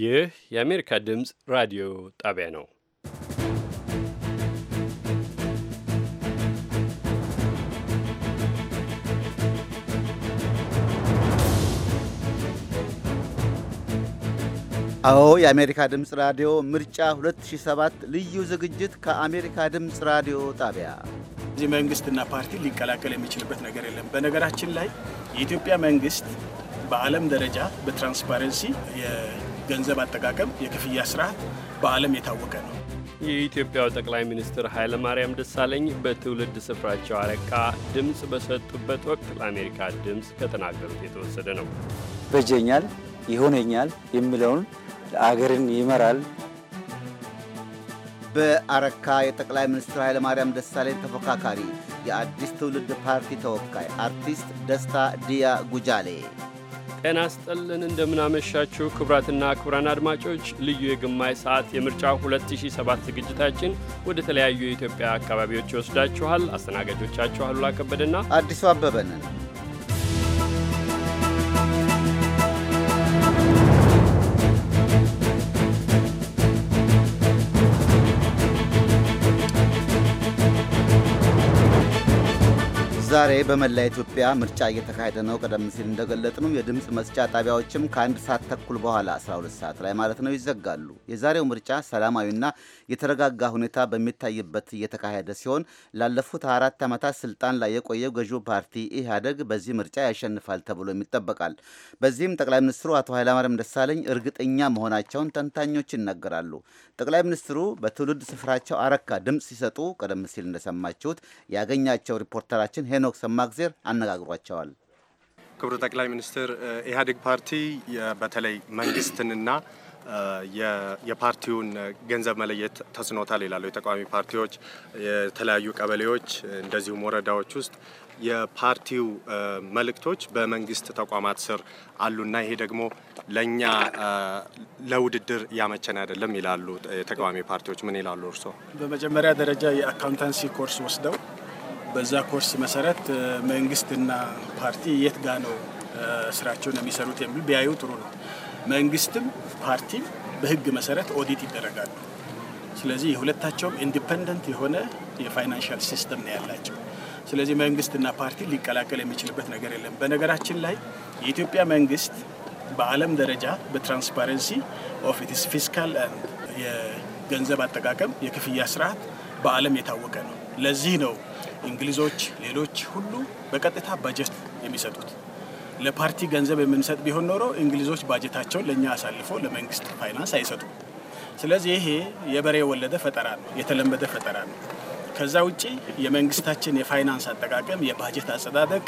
ይህ የአሜሪካ ድምፅ ራዲዮ ጣቢያ ነው። አዎ የአሜሪካ ድምፅ ራዲዮ ምርጫ 2007 ልዩ ዝግጅት ከአሜሪካ ድምፅ ራዲዮ ጣቢያ እዚህ መንግስትና ፓርቲ ሊቀላቀል የሚችልበት ነገር የለም። በነገራችን ላይ የኢትዮጵያ መንግስት በዓለም ደረጃ በትራንስፓረንሲ የገንዘብ አጠቃቀም የክፍያ ስርዓት በዓለም የታወቀ ነው። የኢትዮጵያው ጠቅላይ ሚኒስትር ኃይለማርያም ደሳለኝ በትውልድ ስፍራቸው አረቃ ድምፅ በሰጡበት ወቅት ለአሜሪካ ድምፅ ከተናገሩት የተወሰደ ነው። በጀኛል፣ ይሆነኛል የሚለውን አገርን ይመራል በአረካ የጠቅላይ ሚኒስትር ኃይለማርያም ደሳለኝ ተፎካካሪ የአዲስ ትውልድ ፓርቲ ተወካይ አርቲስት ደስታ ዲያ ጉጃሌ ጤና ስጠልን እንደምናመሻችሁ ክቡራትና ክቡራን አድማጮች ልዩ የግማሽ ሰዓት የምርጫ 2007 ዝግጅታችን ወደ ተለያዩ የኢትዮጵያ አካባቢዎች ይወስዳችኋል። አስተናጋጆቻችሁ አሉላ ከበደና አዲሱ አበበ ነን። ዛሬ በመላ ኢትዮጵያ ምርጫ እየተካሄደ ነው። ቀደም ሲል እንደገለጥነው የድምፅ መስጫ ጣቢያዎችም ከአንድ ሰዓት ተኩል በኋላ 12 ሰዓት ላይ ማለት ነው ይዘጋሉ። የዛሬው ምርጫ ሰላማዊና የተረጋጋ ሁኔታ በሚታይበት እየተካሄደ ሲሆን ላለፉት አራት ዓመታት ስልጣን ላይ የቆየው ገዢው ፓርቲ ኢህአደግ በዚህ ምርጫ ያሸንፋል ተብሎም ይጠበቃል። በዚህም ጠቅላይ ሚኒስትሩ አቶ ኃይለማርያም ደሳለኝ እርግጠኛ መሆናቸውን ተንታኞች ይናገራሉ። ጠቅላይ ሚኒስትሩ በትውልድ ስፍራቸው አረካ ድምፅ ሲሰጡ ቀደም ሲል እንደሰማችሁት ያገኛቸው ሪፖርተራችን ሄኖ ሄኖክ ሰማግዜር አነጋግሯቸዋል። ክቡር ጠቅላይ ሚኒስትር፣ ኢህአዴግ ፓርቲ በተለይ መንግስትንና የፓርቲውን ገንዘብ መለየት ተስኖታል ይላሉ የተቃዋሚ ፓርቲዎች። የተለያዩ ቀበሌዎች እንደዚሁም ወረዳዎች ውስጥ የፓርቲው መልእክቶች በመንግስት ተቋማት ስር አሉና ይሄ ደግሞ ለእኛ ለውድድር ያመቸን አይደለም ይላሉ የተቃዋሚ ፓርቲዎች። ምን ይላሉ እርስዎ? በመጀመሪያ ደረጃ የአካውንታንሲ ኮርስ ወስደው በዛ ኮርስ መሰረት መንግስትና ፓርቲ የት ጋ ነው ስራቸውን የሚሰሩት የሚል ቢያዩ ጥሩ ነው። መንግስትም ፓርቲም በህግ መሰረት ኦዲት ይደረጋሉ። ስለዚህ የሁለታቸውም ኢንዲፐንደንት የሆነ የፋይናንሻል ሲስተም ነው ያላቸው። ስለዚህ መንግስትና ፓርቲ ሊቀላቀል የሚችልበት ነገር የለም። በነገራችን ላይ የኢትዮጵያ መንግስት በዓለም ደረጃ በትራንስፓረንሲ ኦፍ ኢትስ ፊስካል የገንዘብ አጠቃቀም የክፍያ ስርዓት በዓለም የታወቀ ነው። ለዚህ ነው እንግሊዞች፣ ሌሎች ሁሉ በቀጥታ ባጀት የሚሰጡት ለፓርቲ ገንዘብ የምንሰጥ ቢሆን ኖሮ እንግሊዞች ባጀታቸውን ለእኛ አሳልፎ ለመንግስት ፋይናንስ አይሰጡም። ስለዚህ ይሄ የበሬ የወለደ ፈጠራ ነው፣ የተለመደ ፈጠራ ነው። ከዛ ውጪ የመንግስታችን የፋይናንስ አጠቃቀም፣ የባጀት አጸዳደቅ፣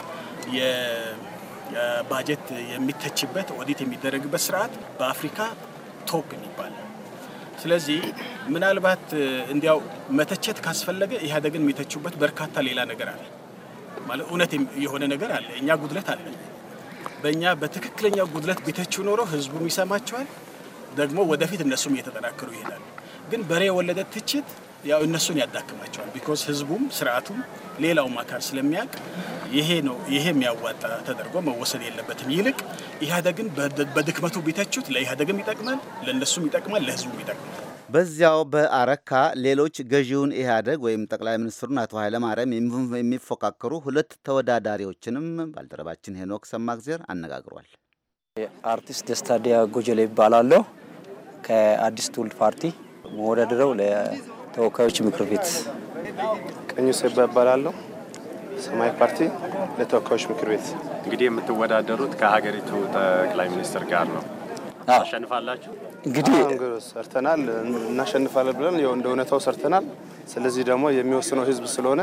የባጀት የሚተችበት ኦዲት የሚደረግበት ስርዓት በአፍሪካ ቶፕ የሚባል ስለዚህ ምናልባት እንዲያው መተቸት ካስፈለገ ኢህአዴግን የሚተቹበት በርካታ ሌላ ነገር አለ ማለት እውነት የሆነ ነገር አለ። እኛ ጉድለት አለ። በእኛ በትክክለኛ ጉድለት ቢተቹ ኖሮ ህዝቡም ይሰማቸዋል፣ ደግሞ ወደፊት እነሱም እየተጠናከሩ ይሄዳል። ግን በሬ የወለደ ትችት ያው እነሱን ያዳክማቸዋል። ቢኮዝ ህዝቡም ስርዓቱም ሌላውም አካል ስለሚያውቅ ይሄ ነው ይሄ የሚያዋጣ ተደርጎ መወሰድ የለበትም። ይልቅ ኢህአደግን በድክመቱ ቢተቹት ለኢህአደግም ይጠቅማል፣ ለእነሱም ይጠቅማል፣ ለህዝቡም ይጠቅማል። በዚያው በአረካ ሌሎች ገዢውን ኢህአደግ ወይም ጠቅላይ ሚኒስትሩን አቶ ኃይለማርያም የሚፎካከሩ ሁለት ተወዳዳሪዎችንም ባልደረባችን ሄኖክ ሰማግዜር አነጋግሯል። አርቲስት ደስታ ዲያ ጎጀሌ ይባላለሁ። ከአዲስ ትውልድ ፓርቲ መወዳደረው ተወካዮች ምክር ቤት ቀኙ ሰባ ይባላለሁ። ሰማያዊ ፓርቲ ለተወካዮች ምክር ቤት እንግዲህ የምትወዳደሩት ከሀገሪቱ ጠቅላይ ሚኒስትር ጋር ነው። አሸንፋላችሁ እንግዲህ ሰርተናል፣ እናሸንፋለን ብለን ያው እንደ እውነታው ሰርተናል። ስለዚህ ደግሞ የሚወስነው ህዝብ ስለሆነ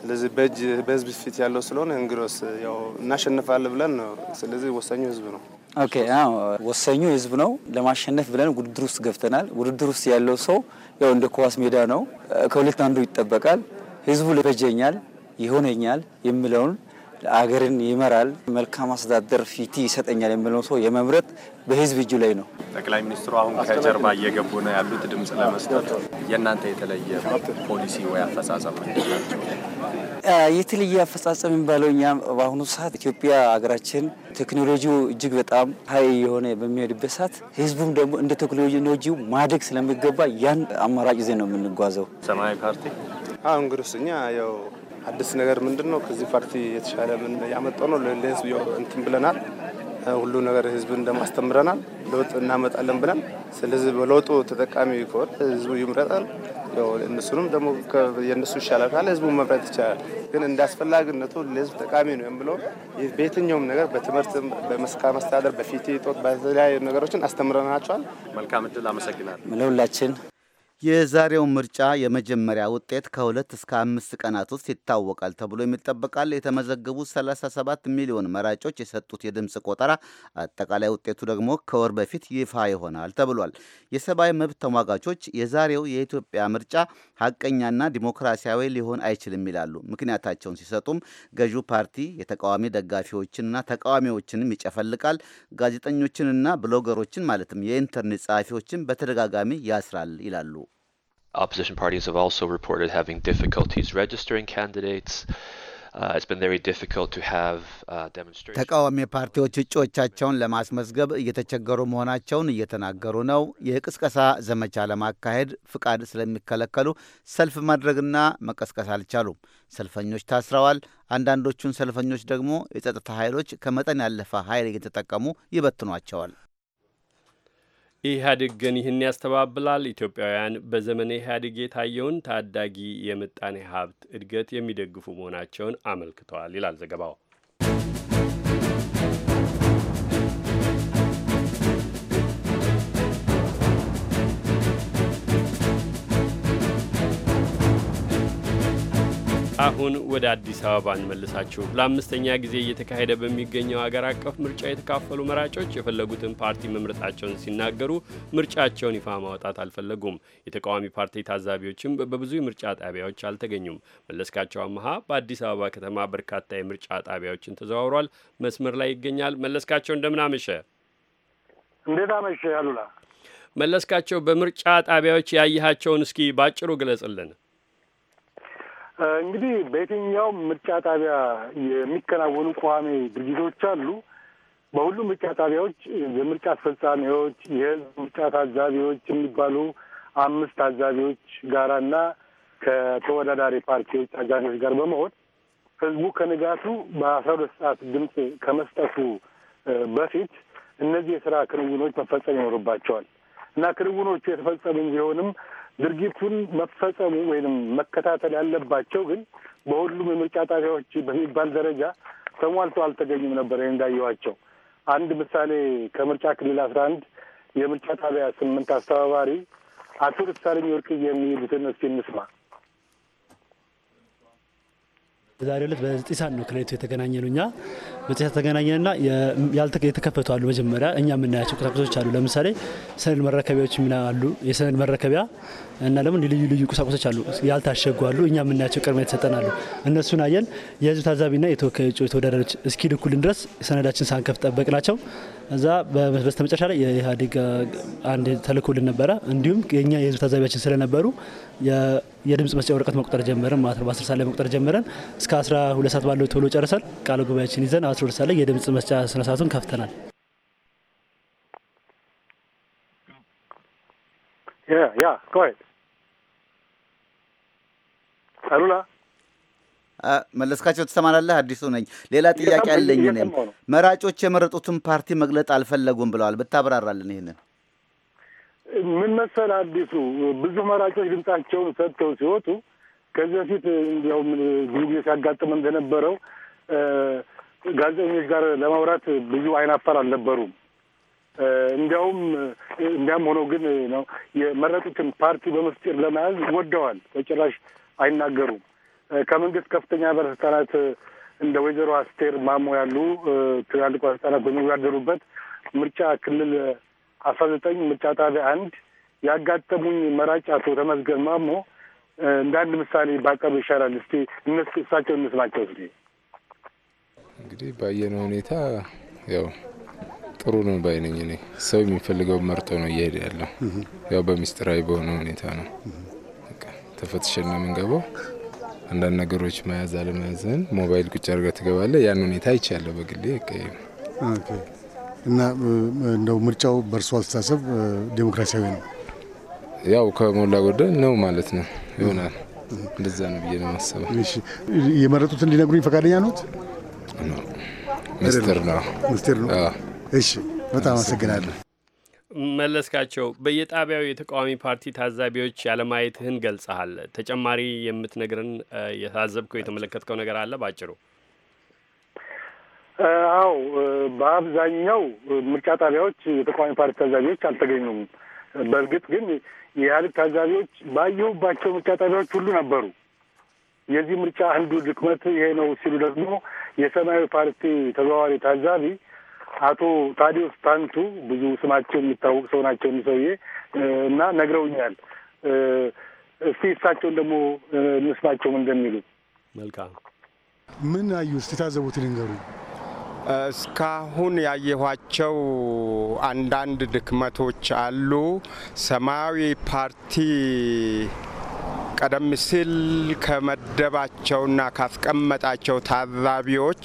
ስለዚህ በእጅ በህዝብ ፊት ያለው ስለሆነ እንግዲህ ያው እናሸንፋለን ብለን ነው። ስለዚህ ወሳኙ ህዝብ ነው። ኦኬ አዎ ወሳኙ ህዝብ ነው። ለማሸነፍ ብለን ውድድር ውስጥ ገብተናል። ውድድር ውስጥ ያለው ሰው ያው እንደ ኳስ ሜዳ ነው። ከሁለት አንዱ ይጠበቃል። ህዝቡ ልበጀኛል፣ ይሆነኛል የሚለውን አገርን ይመራል፣ መልካም አስተዳደር ፊቲ ይሰጠኛል የሚለው ሰው የመምረጥ በህዝብ እጁ ላይ ነው። ጠቅላይ ሚኒስትሩ አሁን ከጀርባ እየገቡ ነው ያሉት ድምፅ ለመስጠት። የእናንተ የተለየ ፖሊሲ ወይ አፈጻጸም የተለየ አፈጻጸም የሚባለው እኛ በአሁኑ ሰዓት ኢትዮጵያ ሀገራችን ቴክኖሎጂው እጅግ በጣም ሀይ የሆነ በሚሄድበት ሰዓት ህዝቡም ደግሞ እንደ ቴክኖሎጂው ማደግ ስለሚገባ ያን አማራጭ ይዘን ነው የምንጓዘው። ሰማያዊ ፓርቲ አሁን እንግዲህ እኛ ያው አዲስ ነገር ምንድን ነው? ከዚህ ፓርቲ የተሻለ ምን ያመጣው ነው? ለህዝብ እንትን ብለናል። ሁሉ ነገር ህዝብ እንደማስተምረናል። ለውጥ እናመጣለን ብለን ስለዚህ በለውጡ ተጠቃሚ ከሆነ ህዝቡ ይምረጣል። እነሱንም ደግሞ የእነሱ ይሻላል ካለ ህዝቡ መምረጥ ይቻላል። ግን እንደ አስፈላጊነቱ ለህዝብ ጠቃሚ ነው የምለው በየትኛውም ነገር በትምህርት በመልካም መስተዳደር በፊት ጦት በተለያዩ ነገሮችን አስተምረናቸዋል። መልካም እድል። አመሰግናል ለሁላችን የዛሬው ምርጫ የመጀመሪያ ውጤት ከሁለት እስከ አምስት ቀናት ውስጥ ይታወቃል ተብሎ የሚጠበቃል። የተመዘገቡ 37 ሚሊዮን መራጮች የሰጡት የድምፅ ቆጠራ አጠቃላይ ውጤቱ ደግሞ ከወር በፊት ይፋ ይሆናል ተብሏል። የሰብአዊ መብት ተሟጋቾች የዛሬው የኢትዮጵያ ምርጫ ሀቀኛና ዲሞክራሲያዊ ሊሆን አይችልም ይላሉ። ምክንያታቸውን ሲሰጡም ገዢው ፓርቲ የተቃዋሚ ደጋፊዎችንና ተቃዋሚዎችንም ይጨፈልቃል፣ ጋዜጠኞችንና ብሎገሮችን ማለትም የኢንተርኔት ጸሐፊዎችን በተደጋጋሚ ያስራል ይላሉ። Opposition parties have also reported having difficulties registering candidates. Uh, uh, ተቃዋሚ ፓርቲዎች እጩዎቻቸውን ለማስመዝገብ እየተቸገሩ መሆናቸውን እየተናገሩ ነው። የቅስቀሳ ዘመቻ ለማካሄድ ፍቃድ ስለሚከለከሉ ሰልፍ ማድረግና መቀስቀስ አልቻሉም። ሰልፈኞች ታስረዋል። አንዳንዶቹን ሰልፈኞች ደግሞ የጸጥታ ኃይሎች ከመጠን ያለፈ ኃይል እየተጠቀሙ ይበትኗቸዋል። ኢህአዴግ ግን ይህን ያስተባብላል። ኢትዮጵያውያን በዘመነ ኢህአዴግ የታየውን ታዳጊ የምጣኔ ሀብት እድገት የሚደግፉ መሆናቸውን አመልክተዋል ይላል ዘገባው። አሁን ወደ አዲስ አበባ እንመልሳችሁ። ለአምስተኛ ጊዜ እየተካሄደ በሚገኘው አገር አቀፍ ምርጫ የተካፈሉ መራጮች የፈለጉትን ፓርቲ መምረጣቸውን ሲናገሩ ምርጫቸውን ይፋ ማውጣት አልፈለጉም። የተቃዋሚ ፓርቲ ታዛቢዎችም በብዙ የምርጫ ጣቢያዎች አልተገኙም። መለስካቸው አመሃ በአዲስ አበባ ከተማ በርካታ የምርጫ ጣቢያዎችን ተዘዋውሯል። መስመር ላይ ይገኛል። መለስካቸው እንደምን አመሸ? እንዴት አመሸ? አሉላ መለስካቸው፣ በምርጫ ጣቢያዎች ያየሃቸውን እስኪ ባጭሩ ግለጽልን። እንግዲህ በየትኛው ምርጫ ጣቢያ የሚከናወኑ ቋሚ ድርጅቶች አሉ። በሁሉም ምርጫ ጣቢያዎች የምርጫ አስፈጻሚዎች፣ የህዝብ ምርጫ ታዛቢዎች የሚባሉ አምስት ታዛቢዎች ጋራና ከተወዳዳሪ ፓርቲዎች አጃቢዎች ጋር በመሆን ህዝቡ ከንጋቱ በአስራ ሁለት ሰዓት ድምፅ ከመስጠቱ በፊት እነዚህ የስራ ክንውኖች መፈጸም ይኖርባቸዋል እና ክንውኖቹ የተፈጸሙ ቢሆንም ድርጊቱን መፈጸሙ ወይም መከታተል ያለባቸው ግን በሁሉም የምርጫ ጣቢያዎች በሚባል ደረጃ ተሟልቶ አልተገኙም ነበር እንዳየዋቸው አንድ ምሳሌ ከምርጫ ክልል አስራ አንድ የምርጫ ጣቢያ ስምንት አስተባባሪ አቶ ደሳለኝ ወርቅዬ የሚሉትን እስቲ እንስማ። በዛሬ ዕለት በጢሳን ነው ክሬቱ የተገናኘ ነው። እኛ በጢሳ ና የተከፈቱ አሉ መጀመሪያ እኛ የምናያቸው ቁሳቁሶች አሉ። ለምሳሌ ሰነድ መረከቢያዎች ሚና አሉ የሰነድ መረከቢያ እና ደግሞ ልዩ ልዩ ቁሳቁሶች አሉ፣ ያልታሸጉ አሉ። እኛ የምናያቸው ቅድሚያ የተሰጠናሉ። እነሱን አየን። የህዝብ ታዛቢና የተወካዮች ተወዳዳሪዎች እስኪልኩልን ድረስ ሰነዳችን ሳንከፍት ናቸው። እዛ በስተመጨረሻ ላይ የኢህአዴግ አንድ ተልኮልን ነበረ። እንዲሁም የኛ የህዝብ ታዛቢያችን ስለነበሩ የድምፅ መስጫ ወረቀት መቁጠር ጀመረን ማለት ነው። በአስር ሰዓት ላይ መቁጠር ጀመረን እስከ 12 ሰዓት ባለው ቶሎ ጨርሰን ቃለ ጉባኤያችን ይዘን አስራ ሰዓት ላይ የድምፅ መስጫ ስነሳቱን ከፍተናል። ያ ያ አሉላ መለስካቸው ትሰማናለህ? አዲሱ ነኝ። ሌላ ጥያቄ አለኝ። እኔም መራጮች የመረጡትን ፓርቲ መግለጥ አልፈለጉም ብለዋል። ብታብራራልን ይህንን። ምን መሰል አዲሱ ብዙ መራጮች ድምጻቸውን ሰጥተው ሲወጡ ከዚህ በፊት እንዲያውም ብዙ ጊዜ ሲያጋጥም እንደነበረው ጋዜጠኞች ጋር ለማውራት ብዙ አይን አልነበሩም። እንዲያውም እንዲያም ሆኖ ግን ነው የመረጡትን ፓርቲ በምስጢር ለመያዝ ወደዋል። በጭራሽ አይናገሩም። ከመንግስት ከፍተኛ ባለስልጣናት እንደ ወይዘሮ አስቴር ማሞ ያሉ ትላልቅ ባለስልጣናት በሚወዳደሩበት ምርጫ ክልል አስራ ዘጠኝ ምርጫ ጣቢያ አንድ ያጋጠሙኝ መራጭ አቶ ተመዝገን ማሞ እንደ አንድ ምሳሌ ባቀርብ ይሻላል። እስቲ እነሱ እሳቸው እንስማቸው። እስቲ እንግዲህ ባየነው ሁኔታ ያው ጥሩ ነው ባይነኝ። እኔ ሰው የሚፈልገው መርጦ ነው እየሄደ ያለው ያው በሚስጥራዊ በሆነ ሁኔታ ነው ተፈትሸና ነው የምንገባው። አንዳንድ ነገሮች መያዝ አለመያዝን ሞባይል ቁጭ አድርገህ ትገባለህ። ያን ሁኔታ አይቻለሁ በግሌ እና እንደው ምርጫው በእርሶ አስተሳሰብ ዴሞክራሲያዊ ነው ያው ከሞላ ጎደል ነው ማለት ነው ይሆናል። እንደዛ ነው ብዬ ነው ማሰበው። የመረጡት እንዲነግሩኝ ፈቃደኛ ነት? ምስጢር ነው ምስጢር ነው። እሺ፣ በጣም አመሰግናለሁ። መለስካቸው፣ በየጣቢያው የተቃዋሚ ፓርቲ ታዛቢዎች ያለማየትህን ገልጸሃል። ተጨማሪ የምትነግርን የታዘብከው የተመለከትከው ነገር አለ ባጭሩ? አዎ፣ በአብዛኛው ምርጫ ጣቢያዎች የተቃዋሚ ፓርቲ ታዛቢዎች አልተገኙም። በእርግጥ ግን የኢህአዴግ ታዛቢዎች ባየሁባቸው ምርጫ ጣቢያዎች ሁሉ ነበሩ። የዚህ ምርጫ አንዱ ድክመት ይሄ ነው ሲሉ ደግሞ የሰማያዊ ፓርቲ ተዘዋዋሪ ታዛቢ አቶ ታዲዮስ ታንቱ ብዙ ስማቸው የሚታወቅ ሰው ናቸው። የሚሰውዬ እና ነግረውኛል። እስቲ እሳቸውን ደግሞ እንስማቸው እንደሚሉ። መልካም ምን አዩ እስቲ ታዘቡት ይንገሩ። እስካሁን ያየኋቸው አንዳንድ ድክመቶች አሉ። ሰማያዊ ፓርቲ ቀደም ሲል ከመደባቸውና ካስቀመጣቸው ታዛቢዎች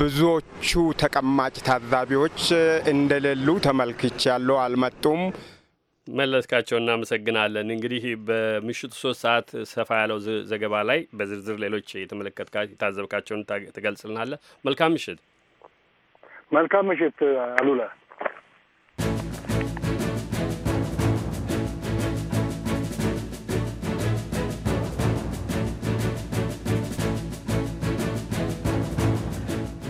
ብዙዎቹ ተቀማጭ ታዛቢዎች እንደሌሉ ተመልክቻለሁ። አልመጡም። መለስካቸው፣ እናመሰግናለን። እንግዲህ በምሽቱ ሶስት ሰዓት ሰፋ ያለው ዘገባ ላይ በዝርዝር ሌሎች የተመለከትካቸው የታዘብካቸውን ትገልጽልናለህ። መልካም ምሽት። መልካም ምሽት አሉላ።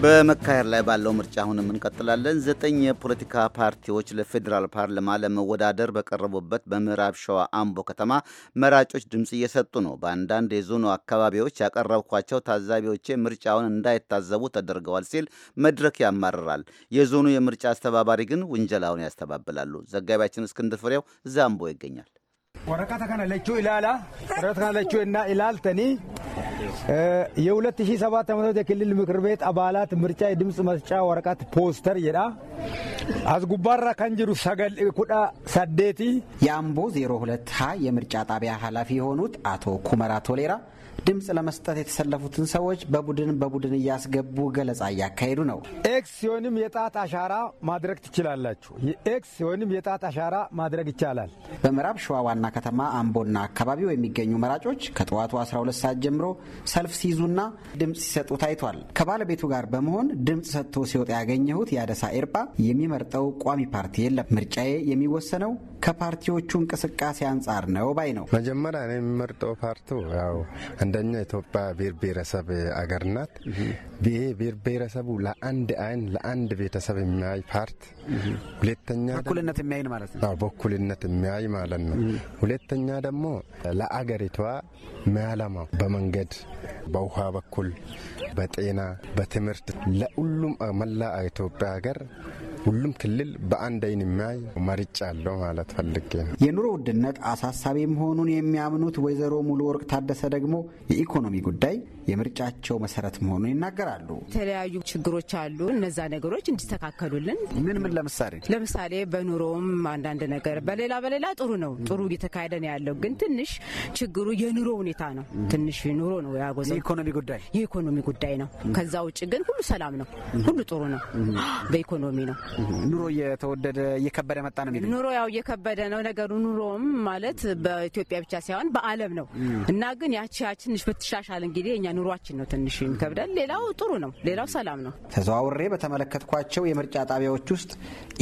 በመካሄድ ላይ ባለው ምርጫ አሁንም እንቀጥላለን። ዘጠኝ የፖለቲካ ፓርቲዎች ለፌዴራል ፓርላማ ለመወዳደር በቀረቡበት በምዕራብ ሸዋ አምቦ ከተማ መራጮች ድምፅ እየሰጡ ነው። በአንዳንድ የዞኑ አካባቢዎች ያቀረብኳቸው ታዛቢዎቼ ምርጫውን እንዳይታዘቡ ተደርገዋል ሲል መድረክ ያማርራል። የዞኑ የምርጫ አስተባባሪ ግን ውንጀላውን ያስተባብላሉ። ዘጋቢያችን እስክንድር ፍሬው እዛ አምቦ ይገኛል። ወረቀት ከነለችው ይላላ ወረቀት ከነለችው እና የ2007 ዓ.ም የክልል ምክር ቤት አባላት ምርጫ የድምፅ መስጫ ወረቀት ፖስተር የዳ አዝጉባራ ከንጅሩ ሰገል ኩዳ ሳዴቲ የአምቦ 02 ሀ የምርጫ ጣቢያ ኃላፊ የሆኑት አቶ ኩመራ ቶሌራ ድምፅ ለመስጠት የተሰለፉትን ሰዎች በቡድን በቡድን እያስገቡ ገለጻ እያካሄዱ ነው። ኤክስ ሲሆንም የጣት አሻራ ማድረግ ትችላላችሁ። ኤክስ ሲሆንም የጣት አሻራ ማድረግ ይቻላል። በምዕራብ ሸዋ ዋና ከተማ አምቦና አካባቢው የሚገኙ መራጮች ከጠዋቱ 12 ሰዓት ጀምሮ ሰልፍ ሲይዙና ድምፅ ሲሰጡ ታይቷል። ከባለቤቱ ጋር በመሆን ድምፅ ሰጥቶ ሲወጣ ያገኘሁት የአደሳ ኤርጳ የሚመርጠው ቋሚ ፓርቲ የለም፣ ምርጫዬ የሚወሰነው ከፓርቲዎቹ እንቅስቃሴ አንጻር ነው ባይ ነው። መጀመሪያ የሚመርጠው ፓርቲው ያው አንደኛ ኢትዮጵያ ብሔር ብሔረሰብ አገር ናት። ይሄ ብሔር ብሔረሰቡ ለአንድ አይን ለአንድ ቤተሰብ የሚያይ ፓርት፣ ሁለተኛ በኩልነት የሚያይ ማለት ነው። በኩልነት የሚያይ ማለት ነው። ሁለተኛ ደግሞ ለአገሪቷ ሚያለማው በመንገድ በውሃ በኩል በጤና በትምህርት ለሁሉም መላ ኢትዮጵያ ሀገር ሁሉም ክልል በአንድ አይን የሚያይ መርጫ አለው ማለት ፈልጌ ነው። የኑሮ ውድነት አሳሳቢ መሆኑን የሚያምኑት ወይዘሮ ሙሉ ወርቅ ታደሰ ደግሞ የኢኮኖሚ ጉዳይ የምርጫቸው መሰረት መሆኑን ይናገራሉ። የተለያዩ ችግሮች አሉ። እነዛ ነገሮች እንዲስተካከሉልን ምን ምን ለምሳሌ ለምሳሌ በኑሮም አንዳንድ ነገር በሌላ በሌላ ጥሩ ነው፣ ጥሩ እየተካሄደ ነው ያለው። ግን ትንሽ ችግሩ የኑሮ ሁኔታ ነው። ትንሽ ኑሮ ነው ያጎዘ የኢኮኖሚ ጉዳይ የኢኮኖሚ ጉዳይ ነው። ከዛ ውጭ ግን ሁሉ ሰላም ነው፣ ሁሉ ጥሩ ነው። በኢኮኖሚ ነው ኑሮ እየተወደደ እየከበደ መጣ ነው የሚል ኑሮ ያው እየከበደ ነው ነገሩ። ኑሮም ማለት በኢትዮጵያ ብቻ ሳይሆን በዓለም ነው እና ግን ያቺ ያቺ ትንሽ ብትሻሻል እንግዲህ እኛ ኑሯችን ነው ትንሽ ይከብዳል። ሌላው ጥሩ ነው። ሌላው ሰላም ነው። ተዘዋውሬ በተመለከትኳቸው የምርጫ ጣቢያዎች ውስጥ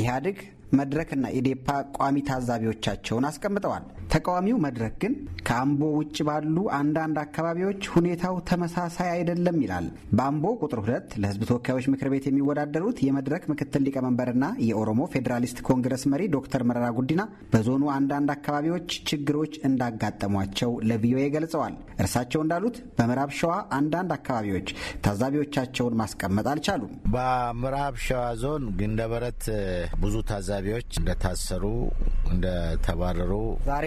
ኢህአዴግ መድረክና ኢዴፓ ቋሚ ታዛቢዎቻቸውን አስቀምጠዋል። ተቃዋሚው መድረክ ግን ከአምቦ ውጭ ባሉ አንዳንድ አካባቢዎች ሁኔታው ተመሳሳይ አይደለም ይላል። በአምቦ ቁጥር ሁለት ለህዝብ ተወካዮች ምክር ቤት የሚወዳደሩት የመድረክ ምክትል ሊቀመንበርና የኦሮሞ ፌዴራሊስት ኮንግረስ መሪ ዶክተር መረራ ጉዲና በዞኑ አንዳንድ አካባቢዎች ችግሮች እንዳጋጠሟቸው ለቪኦኤ ገልጸዋል። እርሳቸው እንዳሉት በምዕራብ ሸዋ አንዳንድ አካባቢዎች ታዛቢዎቻቸውን ማስቀመጥ አልቻሉም። በምዕራብ ሸዋ ዞን ግንደበረት ብዙ ታዛቢዎች እንደታሰሩ እንደተባረሩ ዛሬ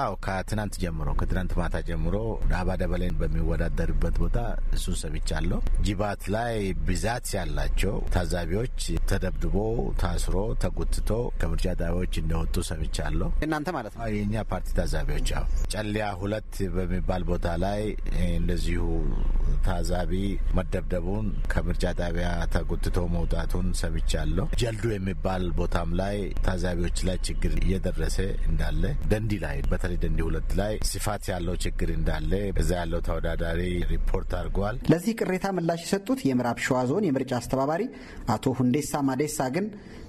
አዎ ከትናንት ጀምሮ ከትናንት ማታ ጀምሮ ዳባ ደበሌን በሚወዳደርበት ቦታ እሱን ሰምቻለሁ። ጅባት ላይ ብዛት ያላቸው ታዛቢዎች ተደብድቦ ታስሮ ተጎትቶ ከምርጫ ጣቢያዎች እንደወጡ ሰምቻለሁ። እናንተ ማለት ነው? የእኛ ፓርቲ ታዛቢዎች። አዎ ጨሊያ ሁለት በሚባል ቦታ ላይ እንደዚሁ ታዛቢ መደብደቡን ከምርጫ ጣቢያ ተጎትቶ መውጣቱን ሰምቻለሁ። ጀልዱ የሚባል ቦታም ላይ ታዛቢዎች ላይ ችግር እየደረሰ እንዳለ ደንዲ ላይ በተለይ ደንዲ ሁለት ላይ ስፋት ያለው ችግር እንዳለ እዛ ያለው ተወዳዳሪ ሪፖርት አድርጓል። ለዚህ ቅሬታ ምላሽ የሰጡት የምዕራብ ሸዋ ዞን የምርጫ አስተባባሪ አቶ ሁንዴሳ ማዴሳ ግን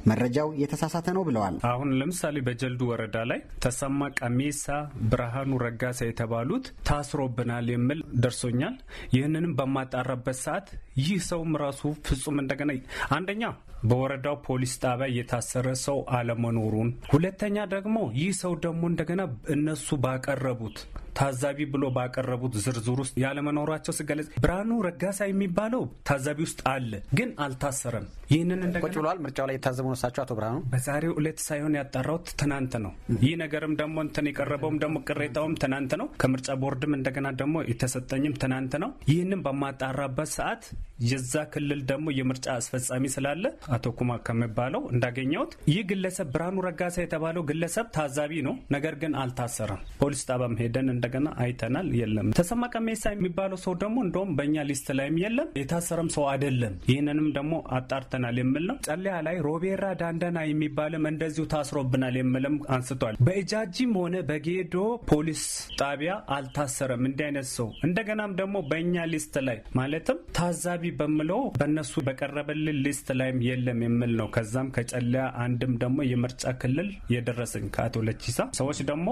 መረጃው የተሳሳተ ነው ብለዋል። አሁን ለምሳሌ በጀልዱ ወረዳ ላይ ተሰማ ቀሜሳ፣ ብርሃኑ ረጋሳ የተባሉት ታስሮብናል የሚል ደርሶኛል። ይህንንም በማጣራበት ሰዓት ይህ ሰውም ራሱ ፍጹም እንደገና አንደኛ በወረዳው ፖሊስ ጣቢያ የታሰረ ሰው አለመኖሩን፣ ሁለተኛ ደግሞ ይህ ሰው ደግሞ እንደገና እነሱ ባቀረቡት ታዛቢ ብሎ ባቀረቡት ዝርዝር ውስጥ ያለመኖራቸው ስገለጽ ብርሃኑ ረጋሳ የሚባለው ታዛቢ ውስጥ አለ፣ ግን አልታሰረም። ይህንን እንደቁጭ ብሏል። ምርጫው ላይ የታዘቡ ነሳቸው አቶ ብርሃኑ በዛሬው እለት ሳይሆን ያጣራሁት ትናንት ነው። ይህ ነገርም ደግሞ እንትን የቀረበውም ደግሞ ቅሬታውም ትናንት ነው። ከምርጫ ቦርድም እንደገና ደግሞ የተሰጠኝም ትናንት ነው። ይህንን በማጣራበት ሰዓት የዛ ክልል ደግሞ የምርጫ አስፈጻሚ ስላለ አቶ ኩማ ከሚባለው እንዳገኘሁት ይህ ግለሰብ ብርሃኑ ረጋሳ የተባለው ግለሰብ ታዛቢ ነው። ነገር ግን አልታሰረም። ፖሊስ ጣቢያም ሄደን እንደገና አይተናል። የለም ተሰማ ቀሜሳ የሚባለው ሰው ደግሞ እንደውም በእኛ ሊስት ላይም የለም የታሰረም ሰው አይደለም። ይህንንም ደግሞ አጣርተናል የሚል ነው። ጸለያ ላይ ሮቤራ ዳንደና የሚባልም እንደዚሁ ታስሮብናል የሚልም አንስቷል። በእጃጂም ሆነ በጌዶ ፖሊስ ጣቢያ አልታሰረም። እንዲህ አይነት ሰው እንደገናም ደግሞ በእኛ ሊስት ላይ ማለትም ታዛቢ በምለው በእነሱ በቀረበልን ሊስት ላይም የለም የምል ነው። ከዛም ከጨለያ አንድም ደግሞ የምርጫ ክልል የደረስን ከአቶ ለቺሳ ሰዎች ደግሞ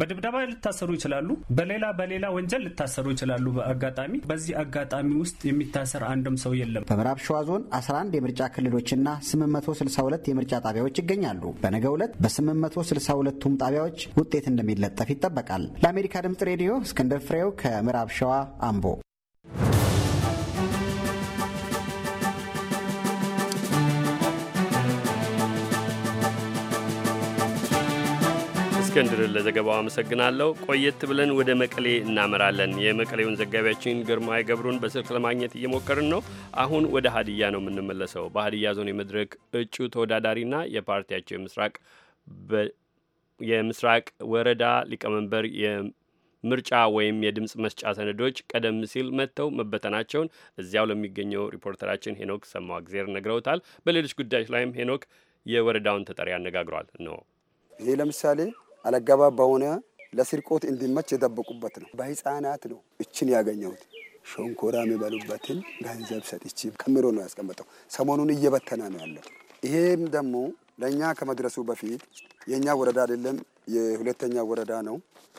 በድብደባ ልታሰሩ ይችላሉ፣ በሌላ በሌላ ወንጀል ልታሰሩ ይችላሉ። በአጋጣሚ በዚህ አጋጣሚ ውስጥ የሚታሰር አንድም ሰው የለም። በምዕራብ ሸዋ ዞን 11 የምርጫ ክልሎችና 862 የምርጫ ጣቢያዎች ይገኛሉ። በነገው ዕለት በ862ቱም ጣቢያዎች ውጤት እንደሚለጠፍ ይጠበቃል። ለአሜሪካ ድምጽ ሬዲዮ እስክንድር ፍሬው ከምዕራብ ሸዋ አምቦ እስክንድርን ለዘገባው አመሰግናለሁ። ቆየት ብለን ወደ መቀሌ እናመራለን። የመቀሌውን ዘጋቢያችን ግርማይ ገብሩን በስልክ ለማግኘት እየሞከርን ነው። አሁን ወደ ሀዲያ ነው የምንመለሰው። በሀዲያ ዞን የመድረክ እጩ ተወዳዳሪና የፓርቲያቸው የምስራቅ የምስራቅ ወረዳ ሊቀመንበር የምርጫ ወይም የድምፅ መስጫ ሰነዶች ቀደም ሲል መጥተው መበተናቸውን እዚያው ለሚገኘው ሪፖርተራችን ሄኖክ ጊዜር ነግረውታል። በሌሎች ጉዳዮች ላይም ሄኖክ የወረዳውን ተጠሪ አነጋግሯል ነው ይህ ለምሳሌ አለገባ በሆነ ለስርቆት እንዲመች የደበቁበት ነው። በህፃናት ነው እችን ያገኘሁት። ሸንኮራ የሚበሉበትን ገንዘብ ሰጥቼ ከምሮ ነው ያስቀመጠው። ሰሞኑን እየበተና ነው ያለው። ይሄም ደግሞ ለእኛ ከመድረሱ በፊት የእኛ ወረዳ አይደለም፣ የሁለተኛ ወረዳ ነው።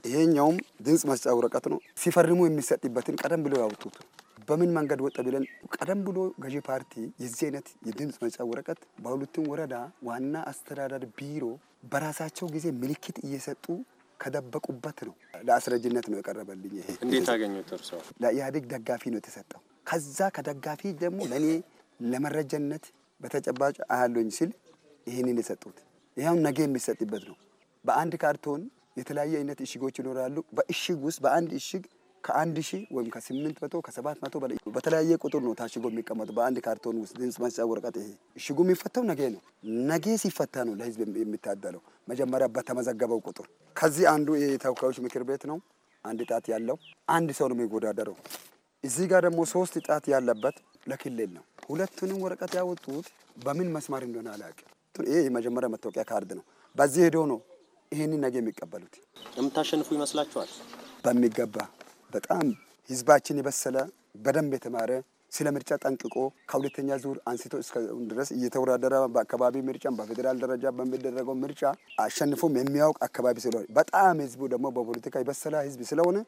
ይሄኛውም ድምፅ መስጫ ወረቀት ነው። ሲፈርሙ የሚሰጥበትን ቀደም ብሎ ያወጡት በምን መንገድ ወጣ ብለን ቀደም ብሎ ገዢ ፓርቲ የዚህ አይነት የድምፅ መስጫ ወረቀት በሁለቱም ወረዳ ዋና አስተዳደር ቢሮ በራሳቸው ጊዜ ምልክት እየሰጡ ከደበቁበት ነው። ለአስረጅነት ነው የቀረበልኝ። ይሄ እንዴት አገኙት እርስዎ? ለኢህአዴግ ደጋፊ ነው የተሰጠው። ከዛ ከደጋፊ ደግሞ ለእኔ ለመረጃነት በተጨባጭ አያለኝ ሲል ይህንን የሰጡት ይኸው ነገ የሚሰጥበት ነው። በአንድ ካርቶን የተለያዩ አይነት እሽጎች ይኖራሉ። በእሽግ ውስጥ በአንድ እሽግ ከአንድ ሺህ ወይም ከስምንት መቶ ከሰባት መቶ በላይ በተለያየ ቁጥር ነው ታሽጎ የሚቀመጡ በአንድ ካርቶን ውስጥ ድምፅ መስጫ ወረቀት። ይሄ እሽጉ የሚፈታው ነገ ነው። ነገ ሲፈታ ነው ለህዝብ የሚታደለው። መጀመሪያ በተመዘገበው ቁጥር ከዚህ አንዱ የተወካዮች ምክር ቤት ነው። አንድ ጣት ያለው አንድ ሰው ነው የሚወዳደረው። እዚህ ጋር ደግሞ ሶስት ጣት ያለበት ለክልል ነው። ሁለቱንም ወረቀት ያወጡት በምን መስማር እንደሆነ አላውቅም። ይሄ የመጀመሪያ መታወቂያ ካርድ ነው። በዚህ ሄዶ ነው ይህንን ነገ የሚቀበሉት። የምታሸንፉ ይመስላችኋል? በሚገባ በጣም ህዝባችን የበሰለ በደንብ የተማረ ስለ ምርጫ ጠንቅቆ ከሁለተኛ ዙር አንስቶ እስካሁን ድረስ እየተወዳደረ በአካባቢ ምርጫ በፌዴራል ደረጃ በሚደረገው ምርጫ አሸንፎም የሚያውቅ አካባቢ ስለሆነ በጣም ህዝቡ ደግሞ በፖለቲካ የበሰለ ህዝብ ስለሆነ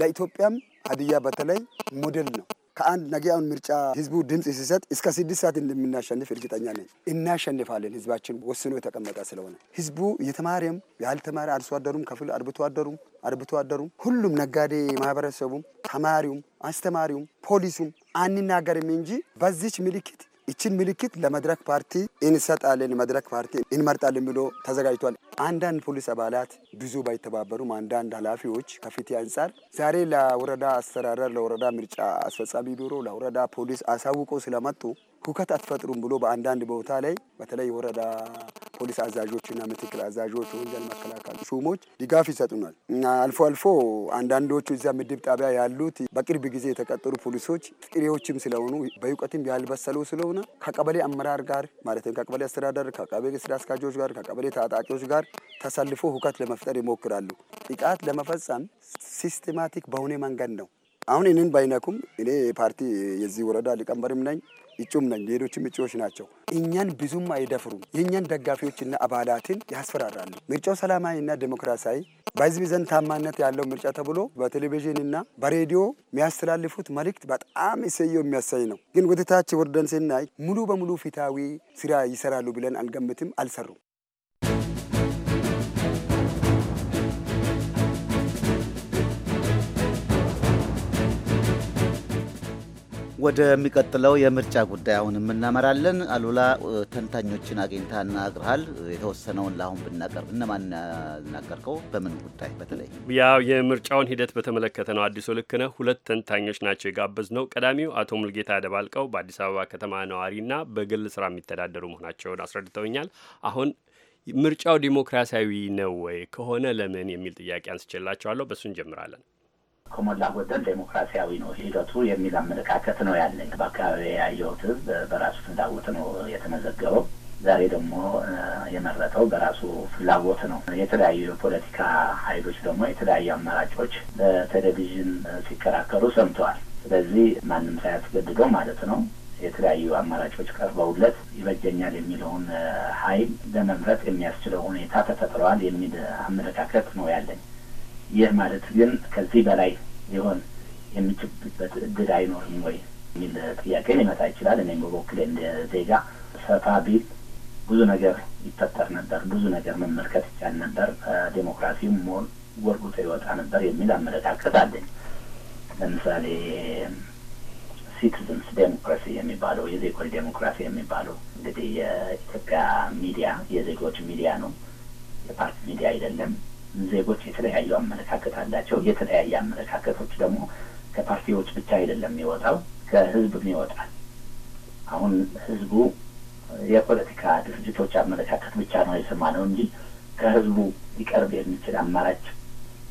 ለኢትዮጵያም ሀዲያ በተለይ ሞዴል ነው። ከአንድ ነገ አሁን ምርጫ ህዝቡ ድምፅ ሲሰጥ እስከ ስድስት ሰዓት እንደምናሸንፍ እርግጠኛ ነኝ። እናሸንፋለን። ህዝባችን ወስኖ የተቀመጠ ስለሆነ ህዝቡ የተማሪም ያልተማሪ አርሶ አደሩም ከፍል አርብቶ አደሩም አርብቶ አደሩም ሁሉም ነጋዴ ማህበረሰቡም ተማሪውም አስተማሪውም ፖሊሱም አንናገርም እንጂ በዚች ምልክት ይችን ምልክት ለመድረክ ፓርቲ እንሰጣለን፣ መድረክ ፓርቲ እንመርጣለን ብሎ ተዘጋጅቷል። አንዳንድ ፖሊስ አባላት ብዙ ባይተባበሩም አንዳንድ ኃላፊዎች ከፊት አንጻር ዛሬ ለወረዳ አስተዳደር ለወረዳ ምርጫ አስፈጻሚ ቢሮ ለወረዳ ፖሊስ አሳውቆ ስለመጡ ሁከት አትፈጥሩም ብሎ በአንዳንድ ቦታ ላይ በተለይ ወረዳ ፖሊስ አዛዦችና ምክትል አዛዦች፣ ወንጀል መከላከል ሹሞች ድጋፍ ይሰጡናል። አልፎ አልፎ አንዳንዶቹ እዚያ ምድብ ጣቢያ ያሉት በቅርብ ጊዜ የተቀጠሩ ፖሊሶች ጥሬዎችም ስለሆኑ በእውቀትም ያልበሰሉ ስለሆነ ከቀበሌ አመራር ጋር ማለትም ከቀበሌ አስተዳደር፣ ከቀበሌ ስራ አስኪያጆች ጋር፣ ከቀበሌ ታጣቂዎች ጋር ተሰልፎ ሁከት ለመፍጠር ይሞክራሉ። ጥቃት ለመፈጸም ሲስቴማቲክ በሆነ መንገድ ነው። አሁን እኔን ባይነኩም እኔ ፓርቲ የዚህ ወረዳ ሊቀመንበርም ነኝ። እጩም ነኝ፣ ሌሎችም እጩዎች ናቸው። እኛን ብዙም አይደፍሩም። የእኛን ደጋፊዎችና አባላትን ያስፈራራሉ። ምርጫው ሰላማዊና ዴሞክራሲያዊ በህዝብ ዘንድ ታማነት ያለው ምርጫ ተብሎ በቴሌቪዥንና በሬዲዮ የሚያስተላልፉት መልእክት በጣም እሰየው የሚያሳይ ነው። ግን ወደ ወርደን ስናይ ሙሉ በሙሉ ፊታዊ ስራ ይሰራሉ ብለን አንገምትም። አልሰሩም። ወደሚቀጥለው የምርጫ ጉዳይ አሁን የምናመራለን። አሉላ ተንታኞችን አግኝታ እናግርሃል። የተወሰነውን ለአሁን ብናቀርብ እነማን ያናገርከው? በምን ጉዳይ በተለይ ያው የምርጫውን ሂደት በተመለከተ ነው። አዲሱ ልክ ነህ። ሁለት ተንታኞች ናቸው የጋበዝ ነው። ቀዳሚው አቶ ሙልጌታ ደባልቀው በአዲስ አበባ ከተማ ነዋሪና በግል ስራ የሚተዳደሩ መሆናቸውን አስረድተውኛል። አሁን ምርጫው ዲሞክራሲያዊ ነው ወይ ከሆነ ለምን የሚል ጥያቄ አንስቼላቸዋለሁ። በእሱ እንጀምራለን። ከሞላ ጎደል ዴሞክራሲያዊ ነው ሂደቱ የሚል አመለካከት ነው ያለኝ። በአካባቢ ያየሁት ህዝብ በራሱ ፍላጎት ነው የተመዘገበው። ዛሬ ደግሞ የመረጠው በራሱ ፍላጎት ነው። የተለያዩ የፖለቲካ ኃይሎች ደግሞ የተለያዩ አማራጮች በቴሌቪዥን ሲከራከሩ ሰምተዋል። ስለዚህ ማንም ሳያስገድደው ማለት ነው የተለያዩ አማራጮች ቀርበውለት ይበጀኛል የሚለውን ኃይል ለመምረጥ የሚያስችለው ሁኔታ ተፈጥረዋል የሚል አመለካከት ነው ያለኝ። ይህ ማለት ግን ከዚህ በላይ ሊሆን የሚችልበት እድል አይኖርም ወይ የሚል ጥያቄ ሊመጣ ይችላል። እኔም በበኩሌ እንደ ዜጋ ሰፋ ቢል ብዙ ነገር ይፈጠር ነበር፣ ብዙ ነገር መመልከት ይቻል ነበር፣ ዴሞክራሲም ሞል ጎልብቶ ይወጣ ነበር የሚል አመለካከት አለኝ። ለምሳሌ ሲቲዝንስ ዴሞክራሲ የሚባለው የዜጎች ዴሞክራሲ የሚባለው እንግዲህ የኢትዮጵያ ሚዲያ የዜጎች ሚዲያ ነው፣ የፓርቲ ሚዲያ አይደለም። ዜጎች የተለያዩ አመለካከት አላቸው። የተለያየ አመለካከቶች ደግሞ ከፓርቲዎች ብቻ አይደለም የሚወጣው ከህዝብም ይወጣል። አሁን ህዝቡ የፖለቲካ ድርጅቶች አመለካከት ብቻ ነው የሰማነው እንጂ ከህዝቡ ሊቀርብ የሚችል አማራጭ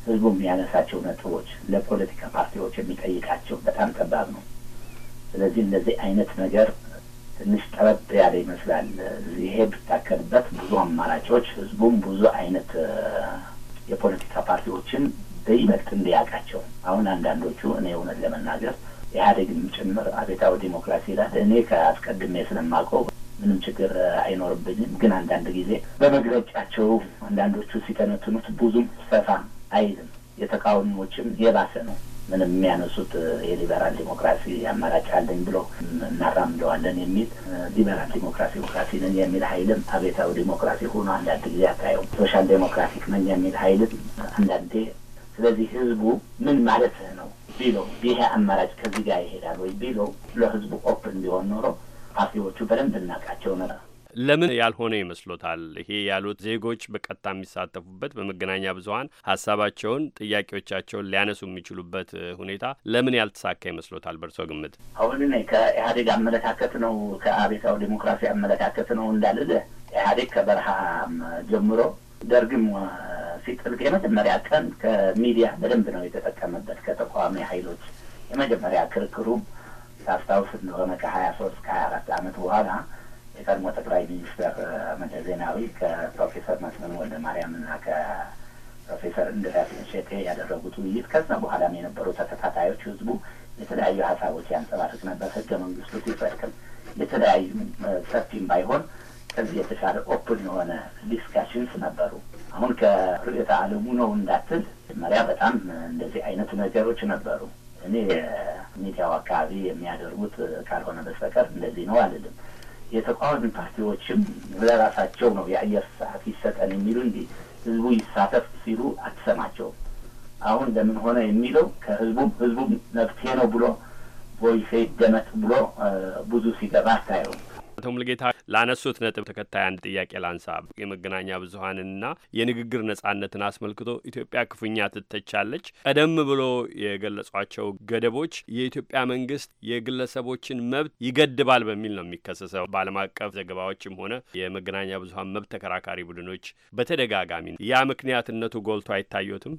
ህዝቡ የሚያነሳቸው ነጥቦች ለፖለቲካ ፓርቲዎች የሚጠይቃቸው በጣም ጠባብ ነው። ስለዚህ እንደዚህ አይነት ነገር ትንሽ ጠበብ ያለ ይመስላል። ይሄ ብታከልበት ብዙ አማራጮች ህዝቡም ብዙ አይነት የፖለቲካ ፓርቲዎችን በይበልጥ እንዲያውቃቸው አሁን አንዳንዶቹ እኔ እውነት ለመናገር ኢህአዴግም ጭምር አቤታዊ ዲሞክራሲ ይላል። እኔ ከአስቀድሜ ስለማውቀው ምንም ችግር አይኖርብኝም። ግን አንዳንድ ጊዜ በመግለጫቸው አንዳንዶቹ ሲተነትኑት ብዙም ሰፋ አይልም። የተቃዋሚዎችም የባሰ ነው። ምንም የሚያነሱት የሊበራል ዲሞክራሲ አማራጭ አለኝ ብሎ እናራምደዋለን የሚል ሊበራል ዲሞክራሲ ዲሞክራሲ ነን የሚል ሀይልም አቤታዊ ዲሞክራሲ ሆኖ አንዳንድ ጊዜ አታየውም። ሶሻል ዴሞክራቲክ ነን የሚል ሀይልም አንዳንዴ። ስለዚህ ህዝቡ ምን ማለት ነው ቢለው ይሄ አማራጭ ከዚህ ጋር ይሄዳል ወይ ቢለው ለህዝቡ ኦፕን ቢሆን ኖሮ ፓርቲዎቹ በደንብ እናቃቸው ነበር። ለምን ያልሆነ ይመስሎታል? ይሄ ያሉት ዜጎች በቀጥታ የሚሳተፉበት በመገናኛ ብዙኃን ሀሳባቸውን፣ ጥያቄዎቻቸውን ሊያነሱ የሚችሉበት ሁኔታ ለምን ያልተሳካ ይመስሎታል በእርሶ ግምት? አሁን እኔ ከኢህአዴግ አመለካከት ነው ከአብዮታዊ ዴሞክራሲ አመለካከት ነው እንዳልል ኢህአዴግ ከበረሃ ጀምሮ ደርግም ሲጥልቅ የመጀመሪያ ቀን ከሚዲያ በደንብ ነው የተጠቀመበት ከተቃዋሚ ኃይሎች የመጀመሪያ ክርክሩም ታስታውስ እንደሆነ ከሀያ ሶስት ከሀያ አራት አመት በኋላ የቀድሞ ጠቅላይ ሚኒስትር መለስ ዜናዊ ከፕሮፌሰር መስፍን ወልደ ማርያም እና ከፕሮፌሰር እንድሪያስ እሸቴ ያደረጉት ውይይት ከዛ በኋላም የነበሩ ተከታታዮች ህዝቡ የተለያዩ ሀሳቦች ያንጸባርቅ ነበር። ህገ መንግስቱ ሲፈርቅም የተለያዩ ሰፊም ባይሆን ከዚህ የተሻለ ኦፕን የሆነ ዲስካሽንስ ነበሩ። አሁን ከርዕዮተ ዓለሙ ነው እንዳትል መሪያ በጣም እንደዚህ አይነት ነገሮች ነበሩ። እኔ ሚዲያው አካባቢ የሚያደርጉት ካልሆነ በስተቀር እንደዚህ ነው አልልም። የተቃዋሚ ፓርቲዎችም ለራሳቸው ነው የአየር ሰዓት ይሰጠን የሚሉ እንጂ ህዝቡ ይሳተፍ ሲሉ አትሰማቸውም። አሁን ለምን ሆነ የሚለው ከህዝቡ ህዝቡ መብቴ ነው ብሎ ቮይሴ ይደመጥ ብሎ ብዙ ሲገባ አታየውም። አቶ ሙልጌታ ላነሱት ነጥብ ተከታይ አንድ ጥያቄ ላንሳ። የመገናኛ ብዙሀንና የንግግር ነጻነትን አስመልክቶ ኢትዮጵያ ክፉኛ ትተቻለች። ቀደም ብሎ የገለጿቸው ገደቦች የኢትዮጵያ መንግስት የግለሰቦችን መብት ይገድባል በሚል ነው የሚከሰሰው። በዓለም አቀፍ ዘገባዎችም ሆነ የመገናኛ ብዙሀን መብት ተከራካሪ ቡድኖች በተደጋጋሚ ያ ምክንያትነቱ ጎልቶ አይታዩትም።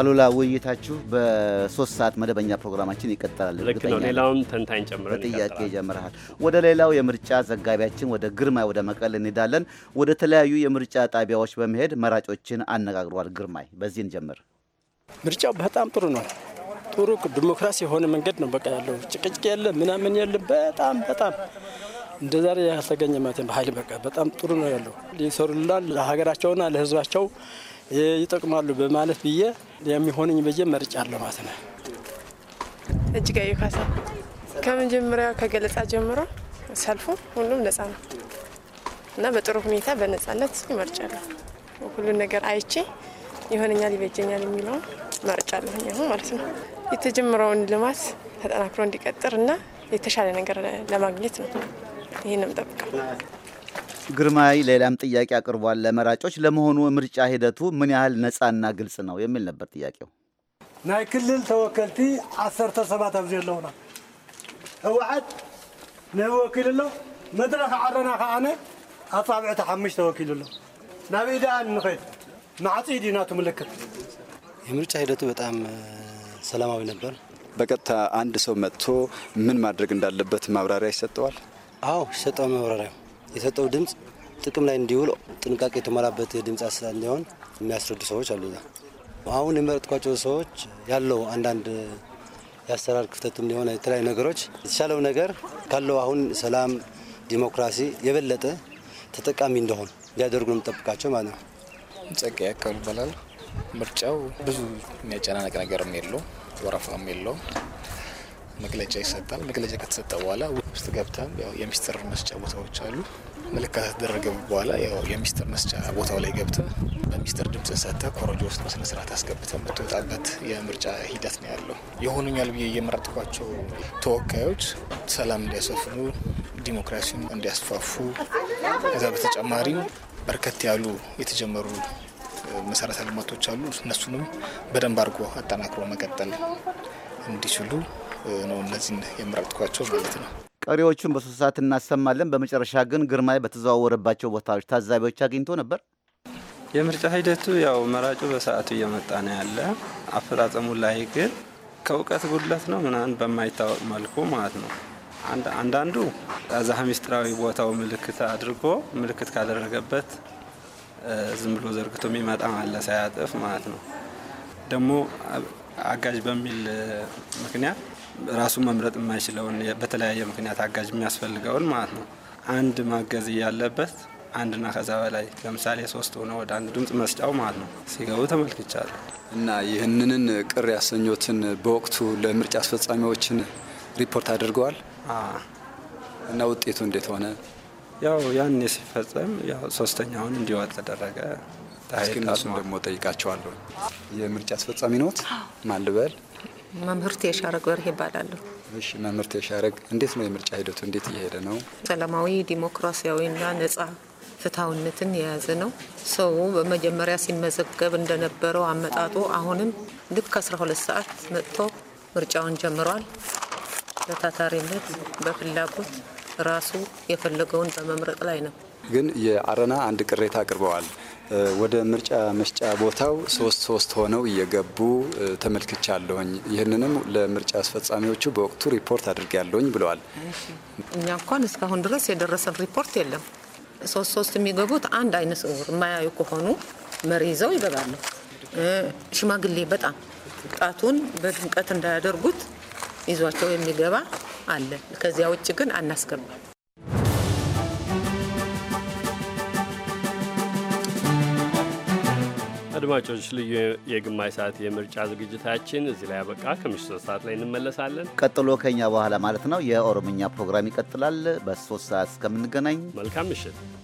አሉላ ውይይታችሁ በሶስት ሰዓት መደበኛ ፕሮግራማችን ይቀጥላል። ልክ ነው። ሌላውን ተንታኝ ጨምረን ጥያቄ ጀምረሃል። ወደ ሌላው የምርጫ ዘጋቢያችን ወደ ግርማይ ወደ መቀል እንሄዳለን። ወደ ተለያዩ የምርጫ ጣቢያዎች በመሄድ መራጮችን አነጋግሯል። ግርማይ፣ በዚህን ጀምር። ምርጫው በጣም ጥሩ ነው። ጥሩ ዲሞክራሲ የሆነ መንገድ ነው። በቃ ያለው ጭቅጭቅ የለ ምናምን የለ። በጣም በጣም እንደ ዛሬ ያልተገኘ ማለት በሀይል በቃ በጣም ጥሩ ነው ያለው። ይሰሩላል ለሀገራቸውና ለህዝባቸው ይጠቅማሉ በማለት ብዬ የሚሆንኝ ብዬ መርጫለሁ ማለት ነው። እጅጋየሁ ካሳ ከመጀመሪያ ከገለጻ ጀምሮ ሰልፉ ሁሉም ነጻ ነው እና በጥሩ ሁኔታ በነጻነት ይመርጫለሁ። ሁሉን ነገር አይቼ ይሆነኛል ይበጀኛል የሚለውን መርጫለሁ አሁን ማለት ነው። የተጀመረውን ልማት ተጠናክሮ እንዲቀጥር እና የተሻለ ነገር ለማግኘት ነው። ይህንም ጠብቃል። ግርማይ ሌላም ጥያቄ አቅርቧል ለመራጮች። ለመሆኑ ምርጫ ሂደቱ ምን ያህል ነፃና ግልጽ ነው የሚል ነበር ጥያቄው። ናይ ክልል ተወከልቲ ዓሰርተ ሰባት ኣብዚ ኣለውና ህወሓት ንወኪል ኣሎ መድረክ ዓረና ከዓነ ኣፃብዕቲ ሓሙሽተ ወኪል ኣሎ ናብ ንኸድ ማዕፅ ማዕፂድ ናቱ ምልክት የምርጫ ሂደቱ በጣም ሰላማዊ ነበር። በቀጥታ አንድ ሰው መጥቶ ምን ማድረግ እንዳለበት ማብራሪያ ይሰጠዋል። አዎ ይሰጠዋል ማብራሪያ የሰጠው ድምፅ ጥቅም ላይ እንዲውል ጥንቃቄ የተሞላበት የድምፅ አሰጣጥ እንዲሆን የሚያስረዱ ሰዎች አሉ። አሁን የመረጥኳቸው ሰዎች ያለው አንዳንድ የአሰራር ክፍተትም ሊሆነ የተለያዩ ነገሮች የተሻለው ነገር ካለው አሁን ሰላም፣ ዲሞክራሲ የበለጠ ተጠቃሚ እንደሆን እንዲያደርጉ ነው የምጠብቃቸው ማለት ነው። ጸጋ ያካሉ ይባላል። ምርጫው ብዙ የሚያጨናነቅ ነገርም የለው ወረፋም የለው መግለጫ ይሰጣል። መግለጫ ከተሰጠ በኋላ ውስጥ ገብተን የሚስጥር መስጫ ቦታዎች አሉ። ምልክት ከተደረገ በኋላ ያው የሚስጥር መስጫ ቦታው ላይ ገብተ በሚስጥር ድምፅ ሰተ ኮረጆ ውስጥ በስነ ስርዓት አስገብተህ የምትወጣበት የምርጫ ሂደት ነው ያለው። የሆኑኛል ብዬ የመረጥኳቸው ተወካዮች ሰላም እንዲያሰፍኑ፣ ዲሞክራሲን እንዲያስፋፉ ከዛ በተጨማሪም በርከት ያሉ የተጀመሩ መሰረተ ልማቶች አሉ። እነሱንም በደንብ አድርጎ አጠናክሮ መቀጠል እንዲችሉ ነው እነዚህን የመረጥኳቸው ማለት ነው። ቀሪዎቹን በሶስት ሰዓት እናሰማለን። በመጨረሻ ግን ግርማይ በተዘዋወረባቸው ቦታዎች ታዛቢዎች አግኝቶ ነበር። የምርጫ ሂደቱ ያው መራጩ በሰዓቱ እየመጣ ነው ያለ። አፈጻጸሙ ላይ ግን ከእውቀት ጉድለት ነው ምናምን በማይታወቅ መልኩ ማለት ነው። አንዳንዱ እዛ ሚስጥራዊ ቦታው ምልክት አድርጎ ምልክት ካደረገበት ዝም ብሎ ዘርግቶ የሚመጣ አለ ሳያጥፍ ማለት ነው። ደግሞ አጋዥ በሚል ምክንያት ራሱ መምረጥ የማይችለውን በተለያየ ምክንያት አጋዥ የሚያስፈልገውን ማለት ነው አንድ ማገዝ እያለበት አንድና ከዛ በላይ ለምሳሌ ሶስት ሆነ ወደ አንድ ድምፅ መስጫው ማለት ነው ሲገቡ ተመልክቻለሁ። እና ይህንንን ቅር ያሰኞትን በወቅቱ ለምርጫ አስፈጻሚዎችን ሪፖርት አድርገዋል እና ውጤቱ እንዴት ሆነ? ያው ያን ሲፈጸም ያው ሶስተኛውን እንዲወጥ ተደረገ። እስኪ እነሱን ደግሞ ጠይቃቸዋለሁ። የምርጫ አስፈጻሚ ኖት ማልበል መምህርት የሻረግ በርህ ይባላሉ። እሺ መምህርት የሻረግ እንዴት ነው የምርጫ ሂደቱ እንዴት እየሄደ ነው? ሰላማዊ ዲሞክራሲያዊና ነጻ ፍትሐዊነትን የያዘ ነው። ሰው በመጀመሪያ ሲመዘገብ እንደነበረው አመጣጡ አሁንም ልክ ከ1ራ ሁለት ሰዓት መጥቶ ምርጫውን ጀምሯል። በታታሪነት በፍላጎት ራሱ የፈለገውን በመምረጥ ላይ ነው። ግን የአረና አንድ ቅሬታ አቅርበዋል። ወደ ምርጫ መስጫ ቦታው ሶስት ሶስት ሆነው እየገቡ ተመልክቻለሁኝ። ይህንንም ለምርጫ አስፈጻሚዎቹ በወቅቱ ሪፖርት አድርጌያለሁኝ ብለዋል። እኛ እንኳን እስካሁን ድረስ የደረሰን ሪፖርት የለም። ሶስት ሶስት የሚገቡት አንድ አይነ ስውር የማያዩ ከሆኑ መሪ ይዘው ይገባሉ። ሽማግሌ በጣም ጣቱን በድምቀት እንዳያደርጉት ይዟቸው የሚገባ አለ። ከዚያ ውጭ ግን አናስገባም። አድማጮች ልዩ የግማሽ ሰዓት የምርጫ ዝግጅታችን እዚህ ላይ ያበቃ። ከምሽቱ ሶስት ሰዓት ላይ እንመለሳለን። ቀጥሎ ከኛ በኋላ ማለት ነው የኦሮምኛ ፕሮግራም ይቀጥላል። በሶስት ሰዓት እስከምንገናኝ መልካም ምሽት።